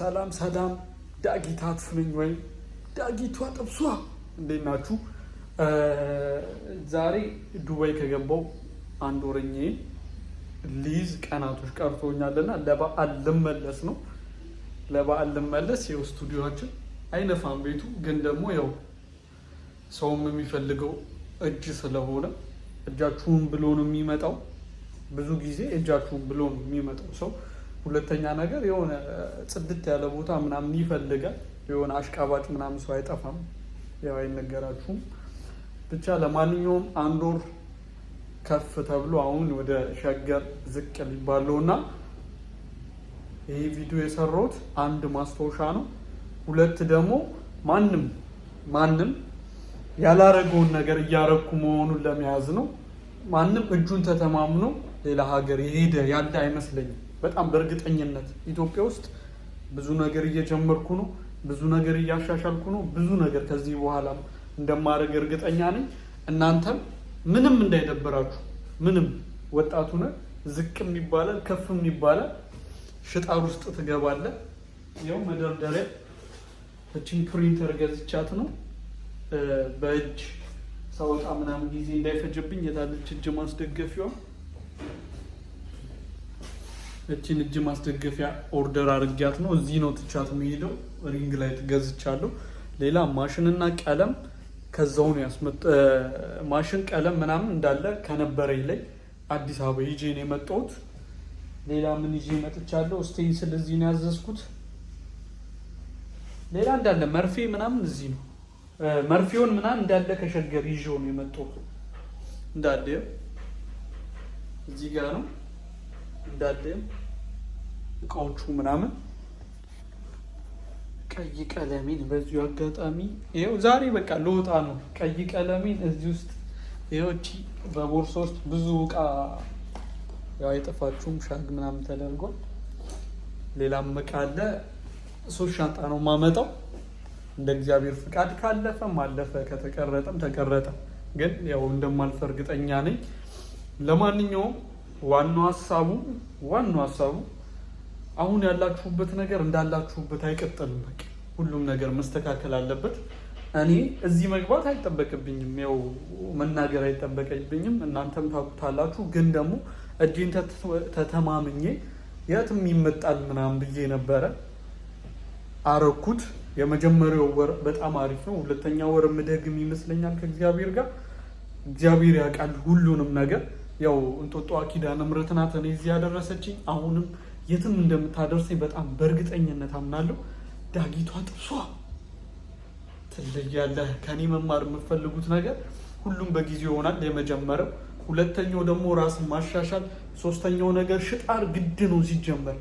ሰላም ሰላም፣ ዳጊታ አትፍሉኝ ወይም ዳጊቷ ጥብሷ፣ እንዴት ናችሁ? ዛሬ ዱባይ ከገባው አንድ ወረኝ ሊዝ ቀናቶች ቀርቶኛልና ለበዓል ልመለስ ነው። ለበዓል ልመለስ ይኸው ስቱዲዮችን አይነፋም ቤቱ ግን ደግሞ ያው ሰውም የሚፈልገው እጅ ስለሆነ እጃችሁን ብሎ ነው የሚመጣው። ብዙ ጊዜ እጃችሁን ብሎ ነው የሚመጣው ሰው ሁለተኛ ነገር የሆነ ጽድት ያለ ቦታ ምናምን ይፈልጋል። የሆነ አሽቃባጭ ምናምን ሰው አይጠፋም። ያው አይነገራችሁም። ብቻ ለማንኛውም አንድ ወር ከፍ ተብሎ አሁን ወደ ሸገር ዝቅ ሊባለው እና ይህ ቪዲዮ የሰራሁት አንድ ማስታወሻ ነው። ሁለት ደግሞ ማንም ማንም ያላረገውን ነገር እያረኩ መሆኑን ለመያዝ ነው። ማንም እጁን ተተማምኖ ሌላ ሀገር የሄደ ያለ አይመስለኝም። በጣም በእርግጠኝነት ኢትዮጵያ ውስጥ ብዙ ነገር እየጀመርኩ ነው፣ ብዙ ነገር እያሻሻልኩ ነው፣ ብዙ ነገር ከዚህ በኋላም እንደማደርግ እርግጠኛ ነኝ። እናንተም ምንም እንዳይደበራችሁ፣ ምንም ወጣቱ ነ ዝቅም ይባላል ከፍም ይባላል፣ ሽጣር ውስጥ ትገባለ ያው መደርደሪያ እችን ፕሪንተር ገዝቻት ነው በእጅ ሳወጣ ምናምን ጊዜ እንዳይፈጅብኝ የታለች እጅ ማስደገፊዋ እቺን እጅ ማስደገፊያ ኦርደር አድርጊያት ነው። እዚህ ነው ትቻት የሚሄደው። ሪንግ ላይ ትገዝቻለሁ። ሌላ ማሽንና ቀለም ከዛውን ያስመጥ ማሽን ቀለም ምናምን እንዳለ ከነበረኝ ላይ አዲስ አበባ ይዤ ነው የመጣሁት። ሌላ ምን ይዤ መጥቻለሁ? ስቴንስል እዚህ ነው ያዘዝኩት። ሌላ እንዳለ መርፌ ምናምን እዚህ ነው። መርፌውን ምናምን እንዳለ ከሸገር ይዤው ነው የመጣሁት። እንዳለ እዚህ ጋር ነው እንዳለም እቃዎቹ ምናምን ቀይ ቀለሜን በዚሁ አጋጣሚ ይኸው ዛሬ በቃ ልወጣ ነው። ቀይ ቀለሜን እዚህ ውስጥ ይኸውቺ በቦርሳ ውስጥ ብዙ እቃ ያው አይጠፋችሁም። ሻግ ምናምን ተደርጓል። ሌላም እቃ አለ። ሶስት ሻንጣ ነው የማመጣው። እንደ እግዚአብሔር ፍቃድ ካለፈም አለፈ፣ ከተቀረጠም ተቀረጠ። ግን ያው እንደማልፈ እርግጠኛ ነኝ። ለማንኛውም ዋናው ሀሳቡ ዋናው ሀሳቡ አሁን ያላችሁበት ነገር እንዳላችሁበት አይቀጥልም። በቃ ሁሉም ነገር መስተካከል አለበት። እኔ እዚህ መግባት አይጠበቅብኝም፣ ያው መናገር አይጠበቅብኝም። እናንተም ታውቁታላችሁ። ግን ደግሞ እጄን ተተማምኜ የትም ይመጣል ምናምን ብዬ ነበረ። አረኩት። የመጀመሪያው ወር በጣም አሪፍ ነው። ሁለተኛ ወር ምደግም ይመስለኛል ከእግዚአብሔር ጋር። እግዚአብሔር ያውቃል ሁሉንም ነገር ያው እንጦጦ ኪዳነ ምሕረት ናት እኔ እዚህ ያደረሰችኝ። አሁንም የትም እንደምታደርሰኝ በጣም በእርግጠኝነት አምናለሁ። ዳጊቷ ጥብሷ ትለያለህ። ከኔ መማር የምትፈልጉት ነገር ሁሉም በጊዜው ይሆናል። የመጀመረው ሁለተኛው ደግሞ ራስን ማሻሻል፣ ሶስተኛው ነገር ሽጣር ግድ ነው። ሲጀመር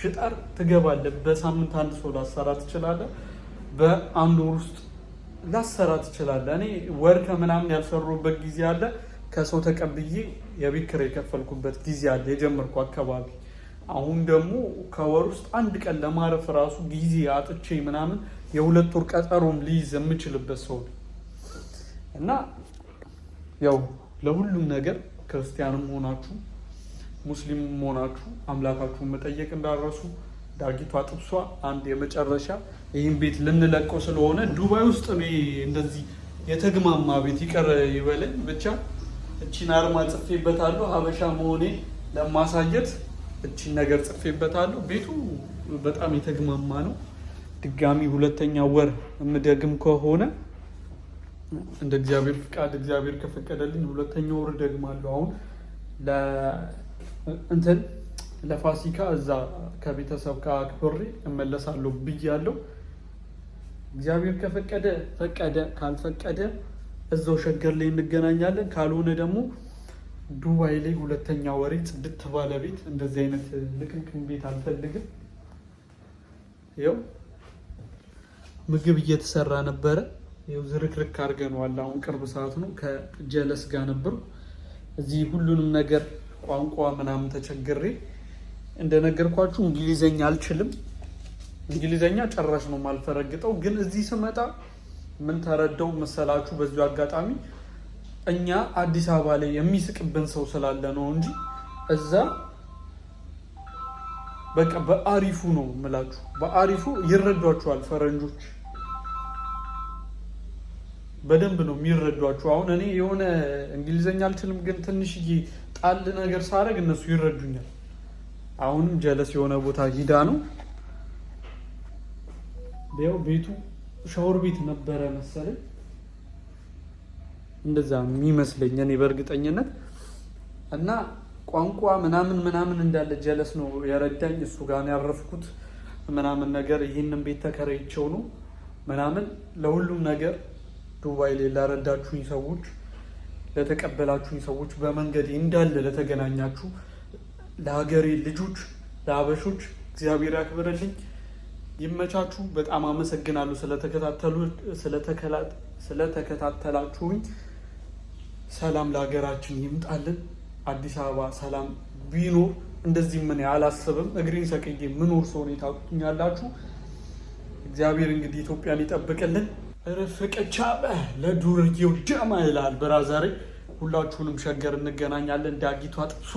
ሽጣር ትገባለህ። በሳምንት አንድ ሰው ላሰራ ትችላለህ። በአንድ ወር ውስጥ ላሰራ ትችላለህ። እኔ ወር ከምናምን ያልሰሩበት ጊዜ አለ። ከሰው ተቀብዬ የቤት የከፈልኩበት ጊዜ አለ የጀመርኩ አካባቢ። አሁን ደግሞ ከወር ውስጥ አንድ ቀን ለማረፍ ራሱ ጊዜ አጥቼ ምናምን የሁለት ወር ቀጠሮም ሊይዝ የምችልበት ሰው እና ያው ለሁሉም ነገር ክርስቲያንም ሆናችሁ ሙስሊምም ሆናችሁ አምላካችሁን መጠየቅ እንዳረሱ ዳጊቷ ጥብሷ አንድ የመጨረሻ ይህን ቤት ልንለቀው ስለሆነ ዱባይ ውስጥ እኔ እንደዚህ የተግማማ ቤት ይቀር ይበለኝ ብቻ እቺን አርማ ጽፌበታለሁ። ሀበሻ መሆኔ ለማሳየት እቺን ነገር ጽፌበታለሁ። ቤቱ በጣም የተግማማ ነው። ድጋሚ ሁለተኛ ወር የምደግም ከሆነ እንደ እግዚአብሔር ፍቃድ እግዚአብሔር ከፈቀደልኝ ሁለተኛ ወር ደግማለሁ። አሁን እንትን ለፋሲካ እዛ ከቤተሰብ ከአክብሬ እመለሳለሁ ብያለሁ። እግዚአብሔር ከፈቀደ ፈቀደ፣ ካልፈቀደ እዛው ሸገር ላይ እንገናኛለን። ካልሆነ ደግሞ ዱባይ ላይ ሁለተኛ ወሬ ጽድት ባለ ቤት እንደዚህ አይነት ንቅንቅን ቤት አልፈልግም። ያው ምግብ እየተሰራ ነበረ። ይኸው ዝርክርክ አድርገነዋል። አሁን ቅርብ ሰዓት ነው። ከጀለስ ጋር ነበሩ እዚህ ሁሉንም ነገር ቋንቋ ምናምን ተቸግሬ እንደነገርኳችሁ እንግሊዘኛ አልችልም። እንግሊዘኛ ጨራሽ ነው የማልፈረግጠው። ግን እዚህ ስመጣ ምን ተረዳው መሰላችሁ? በዚሁ አጋጣሚ እኛ አዲስ አበባ ላይ የሚስቅብን ሰው ስላለ ነው እንጂ እዛ በቃ በአሪፉ ነው ምላችሁ፣ በአሪፉ ይረዷችኋል። ፈረንጆች በደንብ ነው የሚረዷችሁ። አሁን እኔ የሆነ እንግሊዘኛ አልችልም፣ ግን ትንሽዬ ጣል ነገር ሳደርግ እነሱ ይረዱኛል። አሁንም ጀለስ የሆነ ቦታ ሂዳ ነው ያው ቤቱ ሻወር ቤት ነበረ መሰለኝ እንደዛ የሚመስለኝ እኔ በእርግጠኝነት እና ቋንቋ ምናምን ምናምን እንዳለ ጀለስ ነው የረዳኝ። እሱ ጋር ያረፍኩት ምናምን ነገር ይህንን ቤት ተከራይቼው ነው ምናምን ለሁሉም ነገር ዱባይ ላይ ላረዳችሁኝ ሰዎች፣ ለተቀበላችሁኝ ሰዎች፣ በመንገድ እንዳለ ለተገናኛችሁ ለሀገሬ ልጆች ለአበሾች እግዚአብሔር ያክብረልኝ ይመቻቹ። በጣም አመሰግናለሁ ስለተከታተሉ ስለተከታተላችሁኝ። ሰላም ለሀገራችን ይምጣልን። አዲስ አበባ ሰላም ቢኖር እንደዚህ ምን አላስብም። እግሪን ሰቅዬ ምኖር ሰው ነው ታውቁኛላችሁ። እግዚአብሔር እንግዲህ ኢትዮጵያን ይጠብቅልን። ርፍቅቻ ለዱርዬው ደማ ይላል ብራዘሬ። ሁላችሁንም ሸገር እንገናኛለን። ዳጊቷ ጥብሷ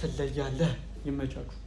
ትለያለህ። ይመቻችሁ።